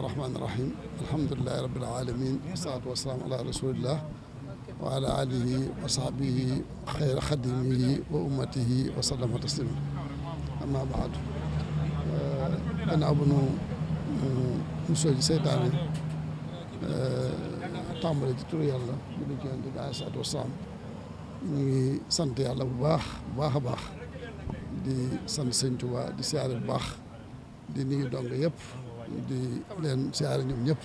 bismillahi rahmaani rahim alhamdulilahi rabbil alamin wasalaatu wasalaam ala rasulillah wa ala alihi wa sahbihi xayra xadimihi wa ummatihi wa sallama taslima amma baadu gannaaw e, bu nu musoo ji seytaane tàmbale ci turu yàlla ñu ngi jënd bi alayhi salaatu wasalaam ñu ngi sant yàlla bu baax bu baax a baax di sant sëñ Tuubaa di siyaare bu baax di nuyu dong yëpp di leen siyaare ñoom ñëpp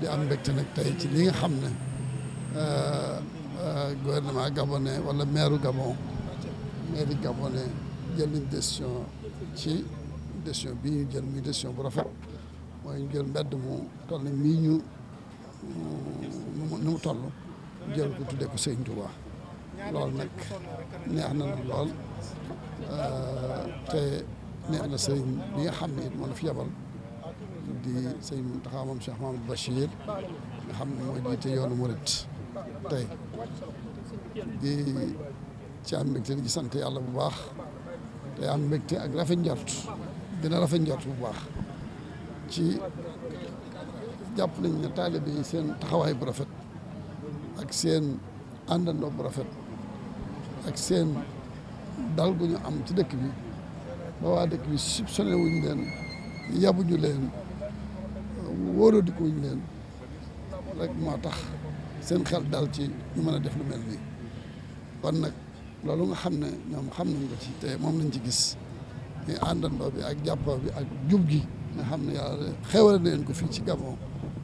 di am mbégte nag tey ci li nga xam ne euh, euh, gouvernement gabonais wala meeru Gabon maire gabonais jël nañ décision ci décision bi ñu jël muy décision bu rafet mooy ñu jël mbedd mu toll mii ñu nu toll jël ko tuddee ko Sëñ Touba loolu nag neex na na lool euh, te neex na sëriñ bi nga xam ne it moo la fi yabal di sëñ Mountakha moom Cheikh Mamadou Bachir nga xam ne moo jiite yoonu murit tey di ci am mbégte di sante yàlla bu baax te am mbégte ak rafet njort dina rafet njort bu baax ci jàpp nañ ne taalibe yi seen taxawaay bu rafet ak seen àndandoo bu rafet ak seen dal gu ñu am ci dëkk bi ba waa dëkk bi subventionné wuñ leen yabuñu leen wóoradikuñ leen rek moo tax seen xel dal ci ñu mën a def lu mel nii kon nag loolu nga xam ne ñoom xam nañ ko ci te moom lañ ci gis muy àndandoo bi ak jàppoo bi ak jub gi nga xam ne yàlla xewal leen ko fii ci Gabon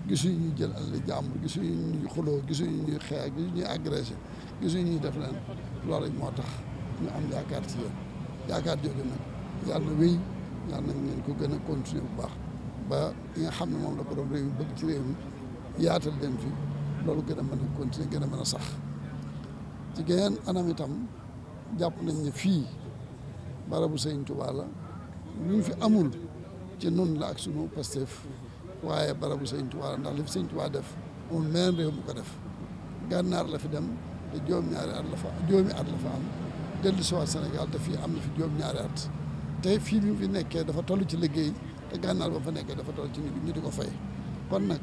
gisuñu ñuy jël àll jàmbur gisuñu ñuy xuloo gisuñu ñuy xeex gisuñu ñuy agressé gisuñu ñuy def leen loolu moo tax ñu am yaakaar ci yéen yaakaar jooju nag yàlla wéy yàlla nañ leen ko gën a continuer bu baax ba li nga xam ne moom la borom réew mi bëgg ci réew mi yaatal leen fi loolu gën a mën a continuer gën a mën a sax ci geneen anam itam jàpp nañ ne fii barabu Sëriñ Tuubaa la luñ fi amul ci nun la ak sunu Pastef waaye barabu Sëriñ Tuubaa la ndax li fi Sëriñ Tuubaa def moom meneen réew mu ko def gànnaar la fi dem te juróom-ñaari at la fa juróomi at la fa am dellu si waat Sénégal te fii am na fi juróom-ñaari at te fii bi mu fi nekkee dafa toll ci liggéey te gànnaar ba fa nekkee dafa toll ci ñu di ko fay kon nag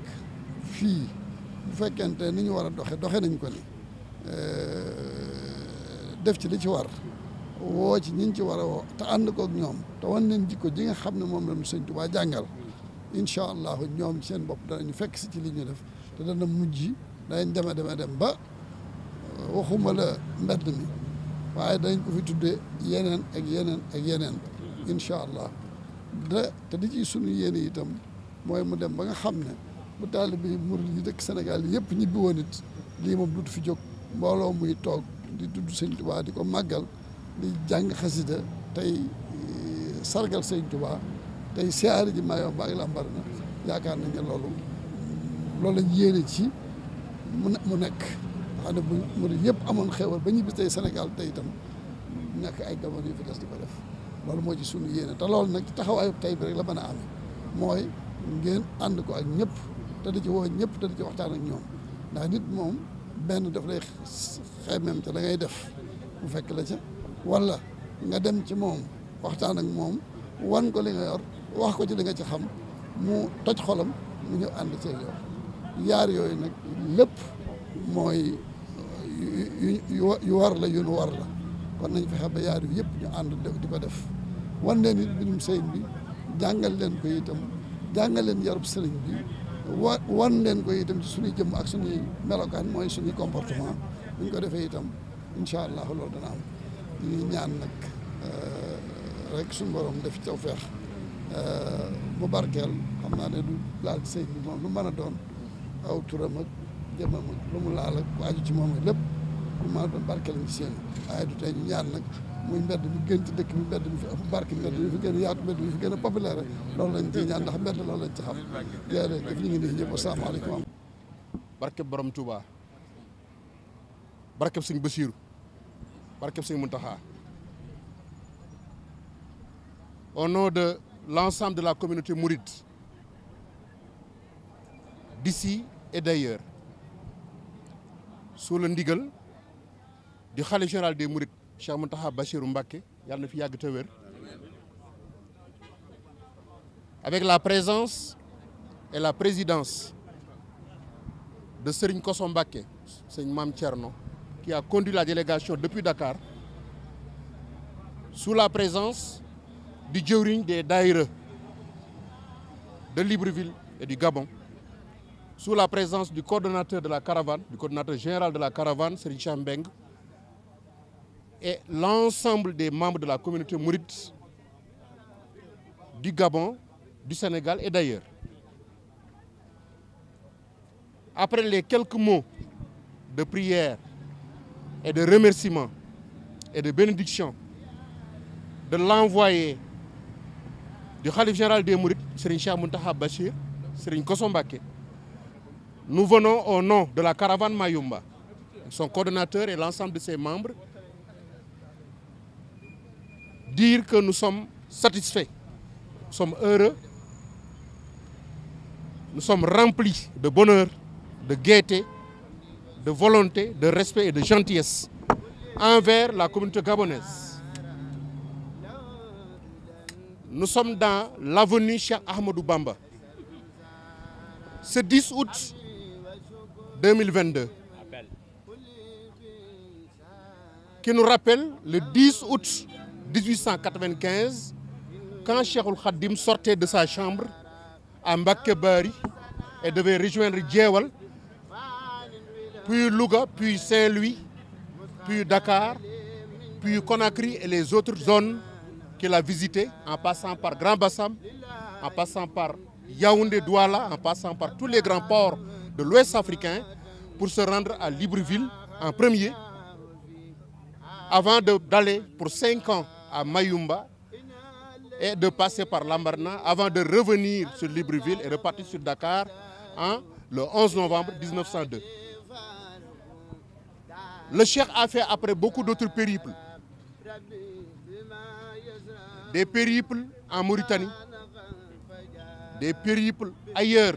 fii bu fekkente ni ñu war a doxe doxe nañ ko ni euh, def ci li ci war woo ci ñi ci war a woo te ànd koog ñoom te wan leen jikko ji nga xam ne moom la ñu sëñ Tuubaa jàngal incha allah ñoom seen bopp ñu fekk si ci li ñu def te dana mujj danañ deme deme dem ba waxuma la mbedd mi waaye dañ ko fi tuddee yeneen ak yeneen ak yeneen incha allah dara te di ci sunu yéene itam mooy mu dem ba nga xam ne bu taalibe yi murid yi dëkk Sénégal yëpp ñibbi woon it lii moom dut fi jóg mbooloo muy toog di dudd Sëñ Tuubaa di ko màggal di jàng xasida tey eh, sargal Sëñ Tuubaa tey siyaare ji maayoo ba ak lambar na yaakaar nañ ne loolu loolu lañ yéene ci mu nekk xam ne bu murid yëpp amoon xewal ba ñibbi tey senegal tey itam ñàkk ay jamono yu fi des di ko def loolu moo ci sunu yéene te loolu nag ci taxawaayu tey bi rek la mën a amee mooy ngeen ànd ko ak ñëpp te di ci woo ñëpp te di ci waxtaan ak ñoom ndax nit moom benn daf lay xemem ca da ngay def mu fekk la ca walla nga dem ci moom waxtaan ak moom wan ko li nga yor wax ko ci li nga ci xam mu toj xolam mu ñëw ànd ceeg yow yaar yooyu nag lépp mooy yu war la yu nu war la kon nañ fexe ba yaar yu yëpp ñu ànd di ko def wan leen bi mbirum sëriñ bi jàngal leen ko itam jàngal leen yarub sëriñ bi wa wan leen ko itam ci suñuy jëmm ak suñuy melokaan mooy suñuy comportement buñ ko defee itam incha allah loolu dana am ñuy ñaan nag euh, rek suñu borom def ci taw feex mu euh, barkeel xam naa ne du laal ci bi moom lu mën a doon aw turam ak jëmmam ak lu mu laal ak waaju ci moom lépp lu mën a doon barkeel ci seen waaye du tey ñu ñaan nag muy mbedd mi gën ci dëkk bi mbedd mi fi ëpp barke mbedd mi fi gën a yaatu mbedd mi fi gën a populaire loolu lañ ci ñaan ndax mbedd loolu lañ ci xam jërëjëf ñu ngi nii ñëpp asalaamaaleykum barkeb borom Touba barkeb sëñ Basiiru barkeb sëñ Muntaxa au nom de l'ensemble de la communauté mouride d'ici et d'ailleurs sous le ndigal du khalife général des mourides Cheikh Mountakha Bassirou Mbacké yàlla na fi yàgg te wér avec la présence et la présidence de Serigne Kosso Mbacké Serigne Mame Thierno qui a conduit la délégation depuis Dakar sous la présence du jëwriñ des daïra de Libreville et du Gabon sous la présence du coordonnateur de la caravan du coordonnateur général de la caravan Serigne Chambeng et l'ensemble des membre de la communauté mouride du Gabon, du Sénégal et d'ailleurs. Après les quelques mots de prière et de remerciement et de bénédiction de l'envoyé du Khalif général des Mourides, Serigne Cheikh Mountakha Bachir, Serigne Kosso Mbacké, nous venons au nom de la caravane Mayumba, son coordonnateur et l'ensemble de ses membres dire que nous sommes satisfaits, nous sommes heureux, remplis de bonheur, de gaieté, de volonté, de respect et de gentillesse envers la communauté gabonaise. Nous sommes dans l'avenue Cheikh Ahmadou Bamba. Ce 10 août 2022, qui nous rappelle le 10 août 1895, quand Cheikhoul Khadim sortait de sa chambre à Mbacké Bari et devait rejoindre Djewal, puis Louga, puis Saint-Louis, puis Dakar, puis Conakry et les autres zones qu'il la visité en passant par Grand Bassam, en passant par Yaoundé Douala, en passant par tous les grands ports de l'Ouest africain, pour se rendre à Libreville en premier, avant d'aller pour cinq ans à Mayumba et de passer par Lambarna avant de revenir sur Libreville et repartir sur Dakar hein, le 11 novembre 1902. Le Cheikh a fait après beaucoup d'autres périples. Des périples en Mauritanie, des périples ailleurs,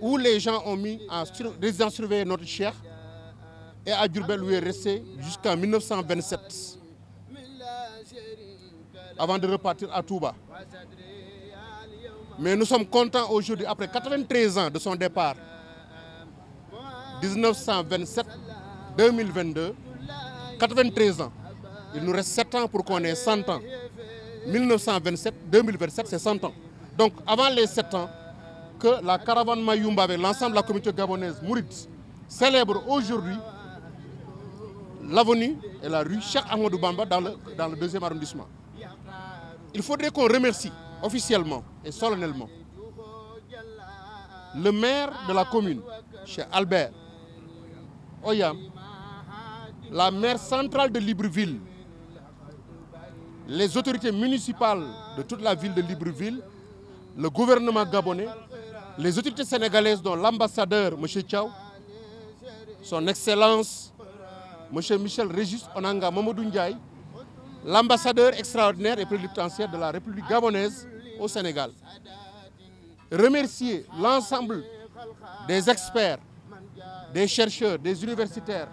où les gens ont mis en résidence surveillée notre Cheikh et à Durbel où il est resté jusqu'en avant de repartir à Touba. Mais nous sommes contents aujourd'hui, après 93 ans de son départ, 1927, 2022, 93 ans. Il nous reste 7 ans pour qu'on ait 100 ans. 1927, 2027, c'est 100 ans. Donc avant les 7 ans, que la caravane Mayumba avec l'ensemble de la communauté gabonaise Mouride célèbre aujourd'hui l'avenue et la rue Cheikh Ahmadou Bamba dans le, dans le deuxième arrondissement. il faudrait qu'on remercie officiellement et solennellement le maire de la commune, chez Albert Oyam, la maire centrale de Libreville, les autorités municipales de toute la ville de Libreville, le gouvernement gabonais, les autorités sénégalaises dont l'ambassadeur monsieur Tchao, son excellence monsieur Michel Régis Onanga Mamadou Ndiaye, l'ambassadeur extraordinaire et plénipotentiaire de la République gabonaise au Sénégal. Remercier l'ensemble des experts, des chercheurs, des universitaires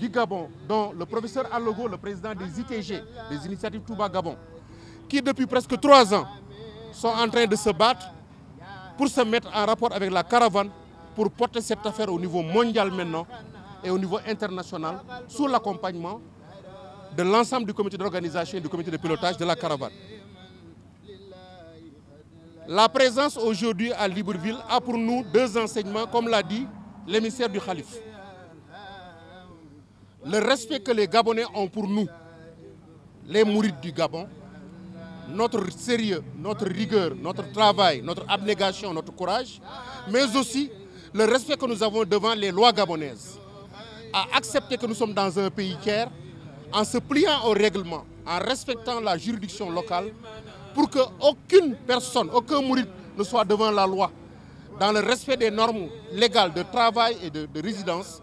du Gabon, dont le professeur Allogo, le président des ITG, des initiatives Touba Gabon, qui depuis presque trois ans sont en train de se battre pour se mettre en rapport avec la caravane pour porter cette affaire au niveau mondial maintenant et au niveau international sous l'accompagnement de l'ensemble du comité d'organisation et du comité de pilotage de la caravane. La présence aujourd'hui à Libreville a pour nous deux enseignements, comme l'a dit l'émissaire du Khalif. Le respect que les Gabonais ont pour nous, les mourides du Gabon, notre sérieux, notre rigueur, notre travail, notre abnégation, notre courage, mais aussi le respect que nous avons devant les lois gabonaises, à accepter que nous sommes dans un pays tiers en se pliant au règlement, en respectant la juridiction locale, pour que aucune personne, aucun mouride ne soit devant la loi, dans le respect des normes légales de travail et de, de résidence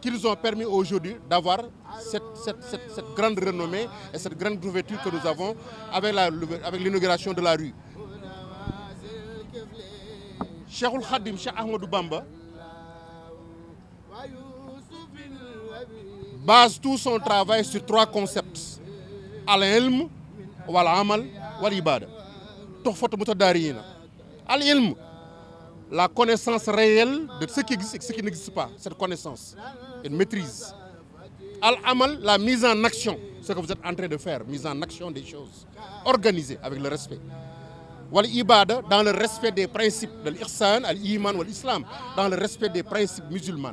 qui nous ont permis aujourd'hui d'avoir cette, cette, cette, cette, grande renommée et cette grande couverture que nous avons avec l'inauguration avec de la rue. Cheikh Khadim, Cheikh Ahmadou Bamba, base tout son travail sur trois concepts al-ilm wal amal wal ibada tuhfatu mutadariyina al-ilm la connaissance réelle de ce qui existe et ce qui n'existe pas cette connaissance une maîtrise al-amal la mise en action ce que vous êtes en de faire mise en action des choses organisée avec le respect wal ibada dans le respect des principes de l'ihsan al-iman wal islam dans le respect des principes musulmans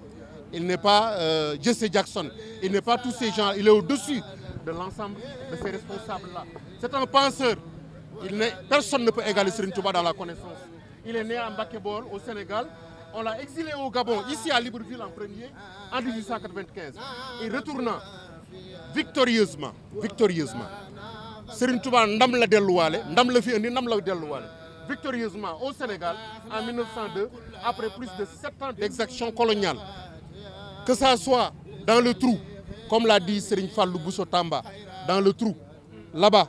il n'est pas euh, Jesse Jackson, il n'est pas tous ces gens, il est au-dessus de l'ensemble de ces responsables-là. C'est un penseur, il personne ne peut égaler Serigne dans la connaissance. Il est né à Mbakébor au Sénégal, on l'a exilé au Gabon, ici à Libreville en premier, en 1895. Et retournant victorieusement, victorieusement, Serigne Touba ndam la delluwaale, ndam la fi indi, ndam la delluwaale. victorieusement au Sénégal en 1902 après plus de sept ans d'exaction coloniale que ça soit dans le trou, comme l'a dit Serigne Fallou Bousso Tamba, dans le trou, là-bas,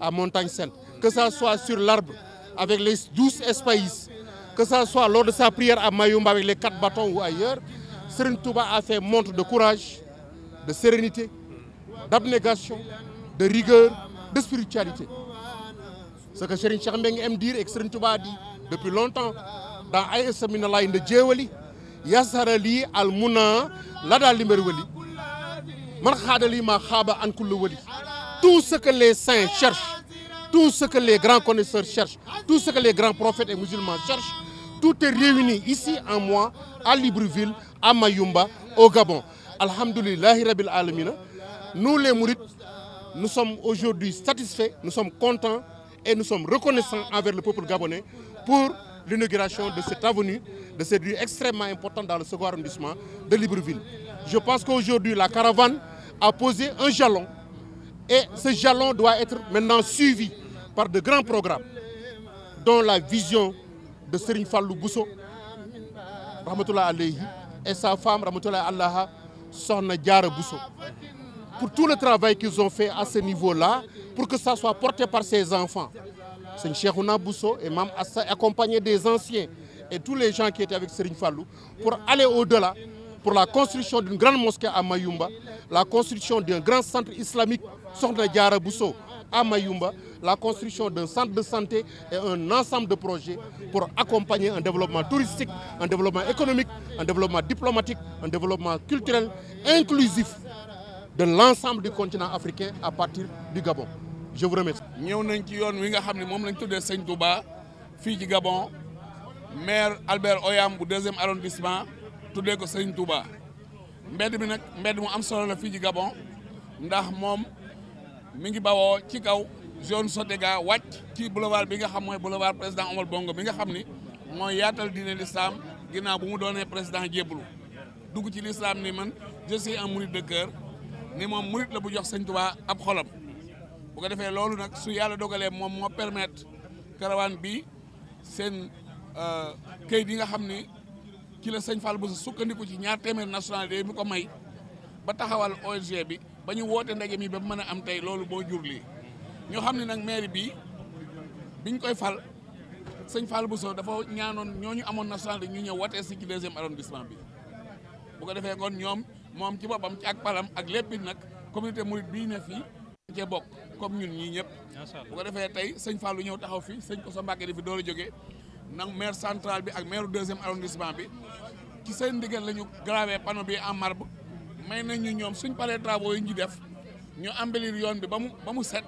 à Montagne Sainte, que ça soit sur l'arbre, avec les douze que ça soit lors de sa prière à Mayumba avec les quatre bâtons ou ailleurs, Serigne Touba a fait montre de courage, de sérénité, d'abnégation, de rigueur, de spiritualité. Ce que Serigne Cheikh Mbengue aime dire et que Serigne Touba a dit depuis longtemps dans Aïssa Minalaye de Djewali, yasara lii al muna la daal limbér wali man xaadalii maa xaaba an kulla wali tout ce les saints cherchent tout ce les grands connaisseurs cherchent tout ce les grands prophètes et musulmans cherchent tout est réuni ici en moi à Libreville à Mayumba au Gabon alhamdulillahi rabbil alamina nous les mourides nous sommes aujourd'hui satisfaits nous sommes contents et nous sommes reconnaissants envers le peuple gabonais l'inauguration de cette avenue, de cette rue extrêmement importante dans le second arrondissement de Libreville. Je pense qu'aujourd'hui, la caravane a posé un jalon et ce jalon doit être maintenant suivi par de grands programmes, dont la vision de Serigne Fallou Bousso, Rahmatullah Alayhi, et sa femme, Rahmatullah Allah, Sohna Diara Bousso. Pour tu le travail qu'ils ont fait à ce niveau-là, pour que ça soit porté par ses enfants. Seigne Cheikhouna Bousso et Mam Assa, accompagné des anciens et tous les gens qui étaient avec Serigne Fallou, pour aller au-delà, pour la construction d'une grande mosquée à Mayumba, la construction d'un grand centre islamique, Sokhna Diarra Bousso, à Mayumba, la construction d'un centre de santé et un ensemble de projet pour accompagner un développement touristique, un développement économique, un développement diplomatique, un développement culturel inclusif de l'ensemble du continent africain à partir du Gabon. je ñëw nañ ci yoon wi nga xam ne moom lañ tuddee Sëñ Touba fii ci Gabon maire Albert Oyam bu deuxième arrondissement tuddee ko Sëñ Touba mbedd mi nag mbedd mu am solo la fii ci Gabon ndax moom mi ngi bawoo ci kaw zone Sotega wàcc ci boulevard bi nga xam mooy boulevard président Omar Bongo bi nga xam ni mooy yaatal diine l'islam ginnaaw bu mu doonee président jébbalu dugg ci l'islam ni man je en un mouride ni moom mouride la bu jox Sëñ Touba ab xolam. bu ko defee loolu nag su yàlla dogalee moom moo permettre caravane bi seen euh, kayit yi nga xam ne ci la sëñ Fall bu sukkandiku ci ñaar téeméer nationalité yi mu ko may ba taxawal ONG bi ba ñu wootee ndaje mi ba mën a am tey loolu boo jur lii ñoo xam ne nag maire bi biñ koy fal sëñ bu Bousso dafa ñaanoon ñu amoon nationalité ñu ñëw watee si ci deuxième arrondissement bi bu ko defee kon ñoom moom ci boppam ci ak palam ak lépp nag communauté mu bii ne fii cee bokk comme ñun ñii ñëpp bu ko defee tey sëñ lu ñëw taxaw fi sëñ Kosso Mbacké di fi door a jógee nag maire centrale bi ak maire deuxième arrondissement bi ci seen ndigal la ñu gravé panneau bi en marbre mais nañ ñu ñoom suñ paree travaux yi ñu def ñu embellir yoon bi ba mu ba mu set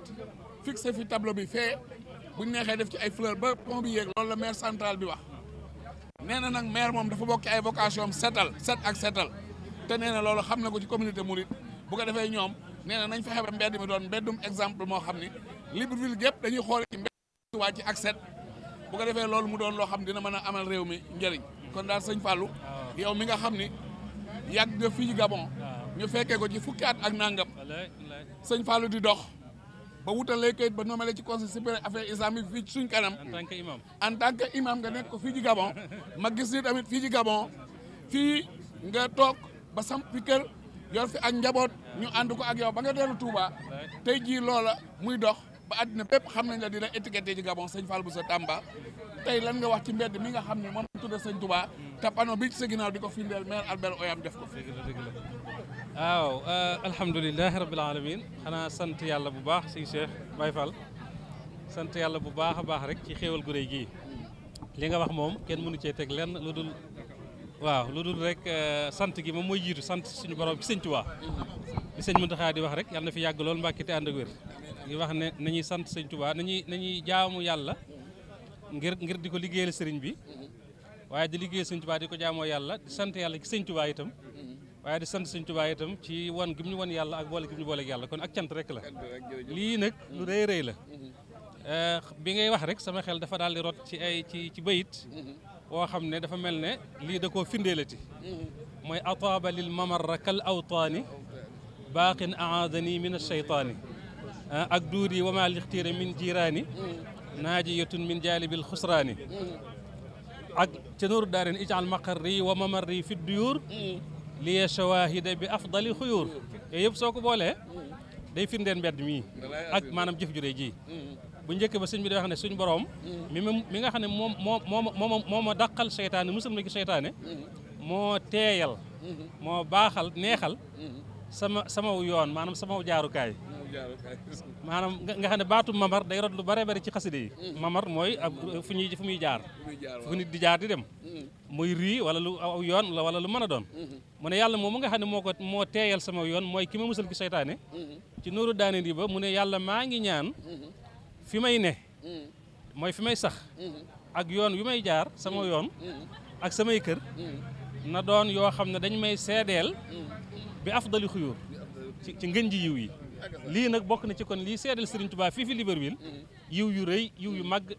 fixé fi tableau bi fee buñ neexee def ci ay fleur ba pont bi yéeg loolu la maire centrale bi wax nee na nag maire moom dafa bokk ay vocation setal set ak setal te n na xam na ko ci communauté Mouride bu ko defee ñoom nee na nañ fexe ba mbedd mi doon mbeddum exemple moo xam ni Libreville gépp dañuy xool ci mbedd Touba ci ak set bu ko defee loolu mu doon loo xam dina mën a amal réew mi njëriñ kon daal sëñ Fallou yow mi nga xam ni yàgg nga fii Gabon ñu fekkee ko ci fukki at ak nangam sëñ Fallou di dox ba wutalee kayit ba noomale ci conseil supérieur affaire islamiques fii ci suñ kanam en tant que imam tant que imam nga nekk ko fii ci Gabon ma gis ni tamit fii ci Gabon fii nga toog ba samp fi yor fi ak njaboot ñu ànd ko ak yow ba nga dellu Touba tey jii loola muy dox ba àddina bépp xam nañ la dina étiqueté ci Gabon sëñ bu Bousso Tamba tey lan nga wax ci mbedd mi nga xam ne moom tudde sëñ Touba te panneau bi ci sa di ko firndeel maire Albert Oyam def ko waaw euh, alhamdulilahi rabbil alamin xanaa sant yàlla bu baax sëñ Cheikh Baye fal sant yàlla bu baax a baax rek ci xéewal gu réy gii li nga wax moom kenn mënu cee teg lenn lu dul waaw lu dul rek euh, sant gi moom mooy jiitu sant suñu borom ci sëñ Tuubaa li sëñ Muntaxa di wax rek yàlla na fi yàgg lool mbàkki te ànd ak wér ngi wax ne nañuy sant sëñ Tuubaa nañuy nañuy jaamu yàlla ngir ngir di ko liggéeyal sëriñ bi waaye di liggéeyal sëñ Tuubaa di ko yàlla di sant yàlla ci sëñ Tuubaa itam waaye di sant sëñ Tuubaa itam ci wan gi mu ñu wan yàlla ak boole gi mu ñu booleeg yàlla kon ak cant rek la lii nag lu rëy rëy la euh, bi ngay wax rek sama xel dafa dal di rot ci ay boo xam ne dafa mel ne lii da koo findeelati mooy ataaba lil mamarra kal awtaani baaqin aadani min alcheytaani ah, ak duur yi wama lixtiire min jiraani naajiyatun min jaalibil xusraani ak ca nooru daaren ijaal maqarri wa mamarri fi duyuur liya shawahida bi afdali xuyuur yooyu yëpp soo ko boolee day firndeen mbedd mii ak maanaam jëf ju rëy bu njëkk ba sëñ bi di xam ne suñ borom. mi mi nga xam ne moom moo moo moo ma daqal seytaane musal ma ci seytaane. moo teeyal. moo baaxal neexal. sama sama yoon maanaam sama jaarukaay. maanaam nga xam ne baatu mamar day rot lu bare bari ci xaside yi. mamar mooy fu ñuy fu muy jaar. di jaar di dem. muy rii wala lu aw yoon wala lu mën a doon. mu yàlla moom nga xam ne moo ko moo teeyal sama yoon mooy ki ma musal ki seytaane. ci nooru daane di ba mu ne yàlla maa ngi ñaan. fi may ne mm. mooy fi may sax mm-hmm. ak yoon wi may jaar sama mm-hmm. yoon mm-hmm. ak samay kër na doon yoo xam ne dañ may seedeel bi afdali xuyóor ci ci ngën ji yiw yi lii nag bokk na ci kon lii seedeel Serigne Touba fii fi Libreville yiw yu rëy yiw yu màgg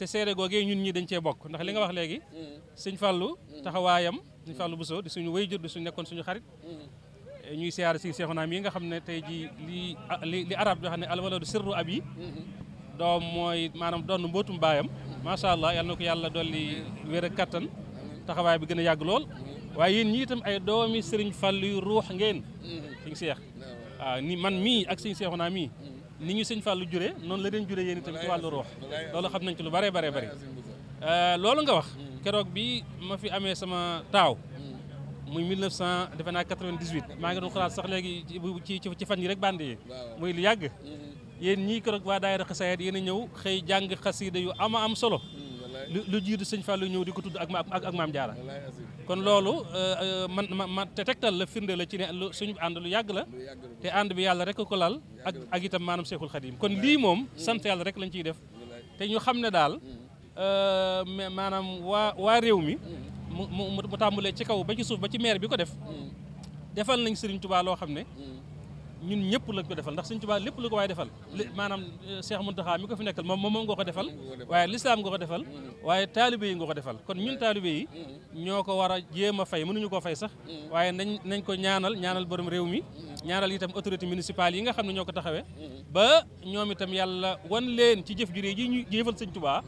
te seede googee ñun ñi dañ cee bokk ndax li nga wax léegi Sëñ fallu taxawaayam Sëñ Fallou Bousso di suñu wayjur di suñu nekkoon suñu xarit ñuy siyaar si Seexuna mii nga xam ne tey ji ah, li li arab yoo xam ne alwaladu sirru ab yi doom mooy maanaam doon mbootum baayam macha allah yal na ko yàlla dolli wér ak kattan taxawaay bi gën a yàgg lool waaye yen ñi itam ay doomi sëriñ Fallu yu ruux ngeen sëñ Seex waaw ni man mii ak sëñ Seexu naa mii ni ñu sëñ Fallu jure noonu la leen jure yen itam ci wàllu ruux loolu xam nañ ci lu bare bare bare euh, loolu nga wax keroog bi ma fi amee sama taaw muy 1900 defe naa 98 maa ngi doon xalaat sax léegi ci ci fan yi rek bànd yi muy lu yàgg mm-hmm. yéen ñii ko rek waa daayira xasaayid yéen a ñëw xëy jàng xasida yu ama am solo hmm, lu jiitu sëñ lu ñëw di ko tudd ak ak maam Jaara kon loolu euh, man man te tegtal la firnde la ci ne suñu ànd lu yàgg la te ànd bi yàlla rek ko lal ak ak itam maanaam Seexul Xadiim kon lii moom hmm. sant yàlla rek lañ ciy def te ñu xam ne daal hmm. euh, maanaam waa waa réew mi mu mu tàmbalee ci kaw ba ci suuf ba ci maire bi ko def defal nañ Sëriñ Tuubaa loo xam ne ñun ñëpp lañ ko defal ndax Sëñ Tuubaa lépp lu ko waaye defal maanaam euh, Cheikh Mountakha mi ko fi nekkal moom moom nga ko defal waaye lislaam nga ko defal waaye taalibe yi nga ko defal kon ñun taalibe yi ñoo ko war a jéem a fay mënuñu koo fay sax waaye nañ nañ ko ñaanal ñaanal borom réew mi ñaanal itam autorité municipale yi nga xam ne ñoo ko taxawee ba ñoom itam yàlla wan leen ci jëf ju rëy ji ñu jëfal Sëñ Tuubaa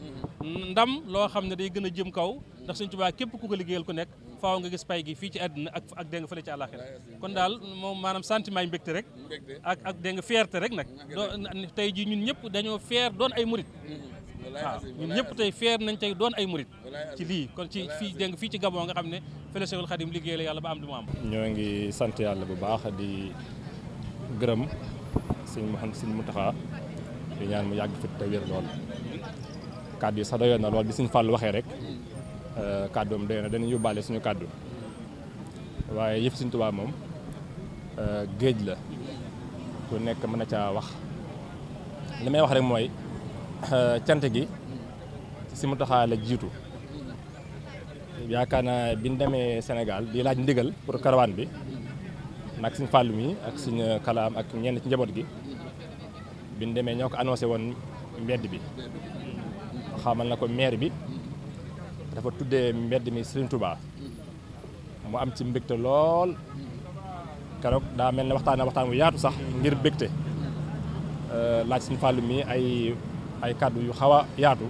ndam loo xam ne day gën a jëm kaw ndax Sëñ képp ku ko liggéeyal ku nekk faaw nga gis pay gi fii ci àddina ak ak dégg nga fële ci àllaaxira kon daal moom maanaam sentiment yi mbégte rek ak ak dégg nga rek nag tey ji ñun ñëpp dañoo fier doon ay murit waaw ñun ñëpp tey fier nañ tey doon ay murit ci lii kon ci fii dégg fii ci Gabon nga xam ne fële Cheikhul Khadim liggéey la yàlla ba am du mu am ñoo ngi sant yàlla bu baax di gërëm sëñ Mouhamed mu Mountakha di ñaan mu yàgg fit te wér lool kàddu yi sax doyoon na lool bi sëñ Fall waxee rek Euh, kàddoom doy na danañ yóbbaale suñu kàddu waaye yëf Sëñ Tuubaa moom euh, géej la ku nekk mën a caa wax li may wax rek mooy euh, cant gi si mu taxaa la jiitu yaakaar na bi ñu demee Sénégal di laaj ndigal pour karawaan bi nag suñ fàllu mi ak suñ kalaam ak ñenn ci njaboot gi bi ñu demee ñoo ko annoncé woon mbedd bi xamal na ko maire bi dafa tuddee mbedd mi Serigne Touba mu am ci mbégte lool keroog daa mel ne waxtaanee waxtaan bu yaatu sax ngir bégte euh, laaj Serigne Fallou mi ay ay kàddu yu xaw a yaatu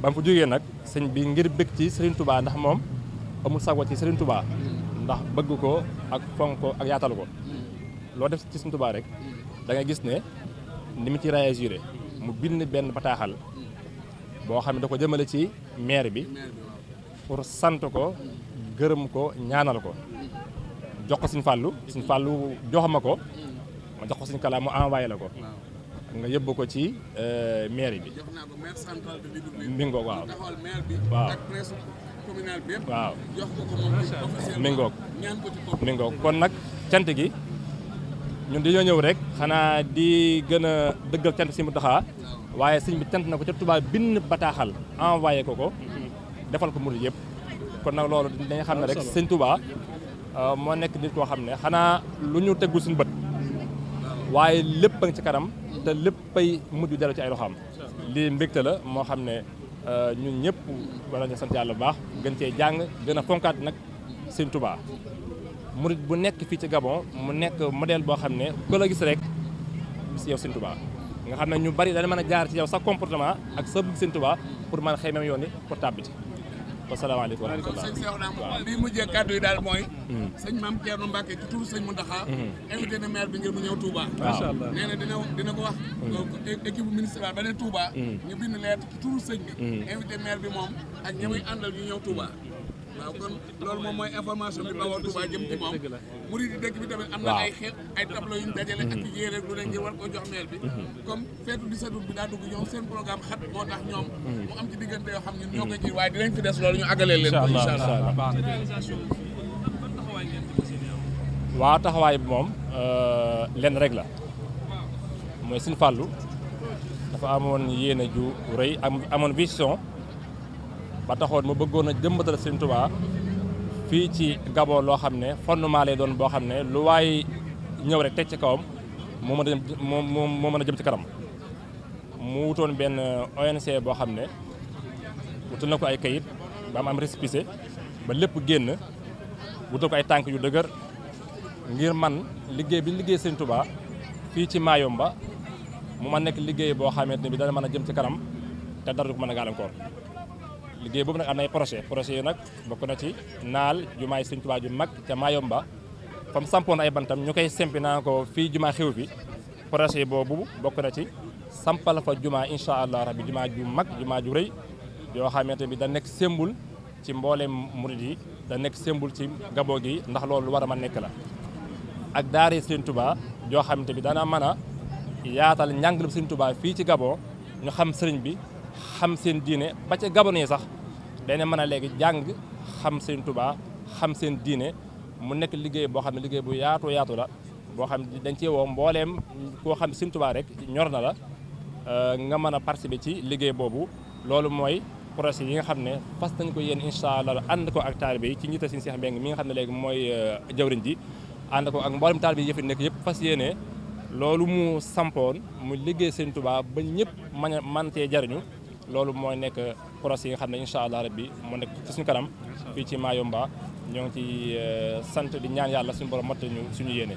ba mu fa jógee nag sëñ bi ngir bég ci sëriñ tubaa ndax moom amul sago ci sëriñ tubaa ndax bëgg ko ak fonk ak yaatal ko loo def ci Serigne Touba rek da gis ne ni mu ci réagiré mu bind benn bataaxal boo xam ne da ko jëmale ci maire bi pour sant ko gërëm ko ñaanal ko jox ko suñ fàllu suñ jox ma ko ma jox ko suñ kalaam mu envoyé la ko nga yóbbu ko ci euh, maire bi mbingo waaw waaw waaw kon nag cant gi ñun dañoo ñëw rek xanaa di gën a dëggal cant si mu taxaa waaye sëñ bi cant na ko ca Touba bind bataaxal envoyé ko ko defal ko murid yëpp kon nag loolu dañ xam ne rek sëñ Touba euh, moo nekk nit koo xam ne xanaa lu ñu tegul suñu bët waaye lépp a ci kanam te léppay mujj dara ci ay loxoom lii mbégte la moo xam ne euh, ñun ñëpp war nañu sant yàlla bu baax gën cee jàng gën a fonkaat nag sëñ Touba murit bu nekk fii ci Gabon mu nekk modèle boo xam ne ku la gis rek si yow Sëñ nga xam ne ñu bari dana man a jaar ci yow sa comportement ak sa bëgg Sëñ Tuubaa pour mën xëy même yoon pour tàbbiti wasalaamaaleykum wa rahmatulah sëñ Cheikh Naama waaw lii mujjee kàddu yi daal mooy hmm. sëñ Maam Thierno Mbacke ci turu sëñ Mountakha hmm. invité na maire bi ngir macha Allah nee na dina ko wax hmm. équipe municipale ba ne Touba ñu bind lettre ci turu sëñ bi invité maire bi moom ak ñi muy àndal ñu ñëw Touba waaw kon loolu moom mooy information bi bawoo Touba jëm ci moom murid yi dëkk bi tamit am na ay tableau yu ñu dajale ak yére lu ne war koo jox meel bi mhm. comme feetu di sadul bi daa dugg ñoom seen programme xat moo tax ñoom mhm. mu am ci diggante yoo xam ne waaye dinañ fi des loolu ñu àggaleel leen ko allah waaw taxawaay bi moom euh, lenn rek la mooy suñu fàllu dafa amoon yéene ju rëy amoon vision ba taxoon ma bëggoon a jëmbatal Serigne Touba fii ci Gabon loo xam ne fondement lay doon boo xam ne lu waaye ñëw rek teg ci kawam moo mën a moo mën a jëm ci kanam mu wutoon benn ONC boo xam ne wutal na ko ay kayit ba am am récépissé ba lépp génn wutal ko ay tànk yu dëgër ngir man liggéey bi liggéey Serigne Touba fii ci Mayumba mu ma nekk liggéey boo xamante ne bi dana mën a jëm ci kanam te dara du ko mën a gàllankoor liggéey boobu nag am nay projet projet yi nag bokk na ci naal jumaa Sëñ Tuubaa ju mag ca Mayomba fam sampoon ay bantam ñu koy naa ko fii jumaa xew bi projet boobu bokk na ci sampal fa jumaa incha allah rabbi jumaa ju mag jumaa ju rëy yoo xamante bi da nekk sembul ci mbooleem murid yi da nekk sembul ci gaboo gi ndax loolu lu war a nekk la ak daara Sëñ Tuubaa yoo xamante bi dana mën a yaatal njàngalem Sëñ Tuubaa fii ci gaboo ñu xam sëriñ bi xam seen diine ba ca gabon yi sax dañu mën a léegi jàng xam seen tubaa xam seen diine mu nekk liggéey boo xam ne liggéey bu yaatu yaatu la boo xam ne dañ cee woo mbooleem koo xam ne seen tubaa rek ñor na la euh, nga mën a participer ci liggéey boobu loolu mooy projet yi nga xam ne fas nañ ko yéen incha allah ànd ko ak taalibe yi ci njiital Sëriñ Cheikh Mbeng mi nga xam ne léegi mooy euh, jawriñ ji ànd ko ak mboolem taalibe yi yëf nekk yëpp fas yenee loolu mu sampoon mu liggéey Sëriñ Tuubaa ñëpp mën a cee jariñu loolu mooy nekk procès yi nga xam ne incha allah rabbi moo nekk ci suñu kanam fii ci Mayumba ñoo ngi ci euh, sant di ñaan yàlla suñu borom mottañu suñu yéene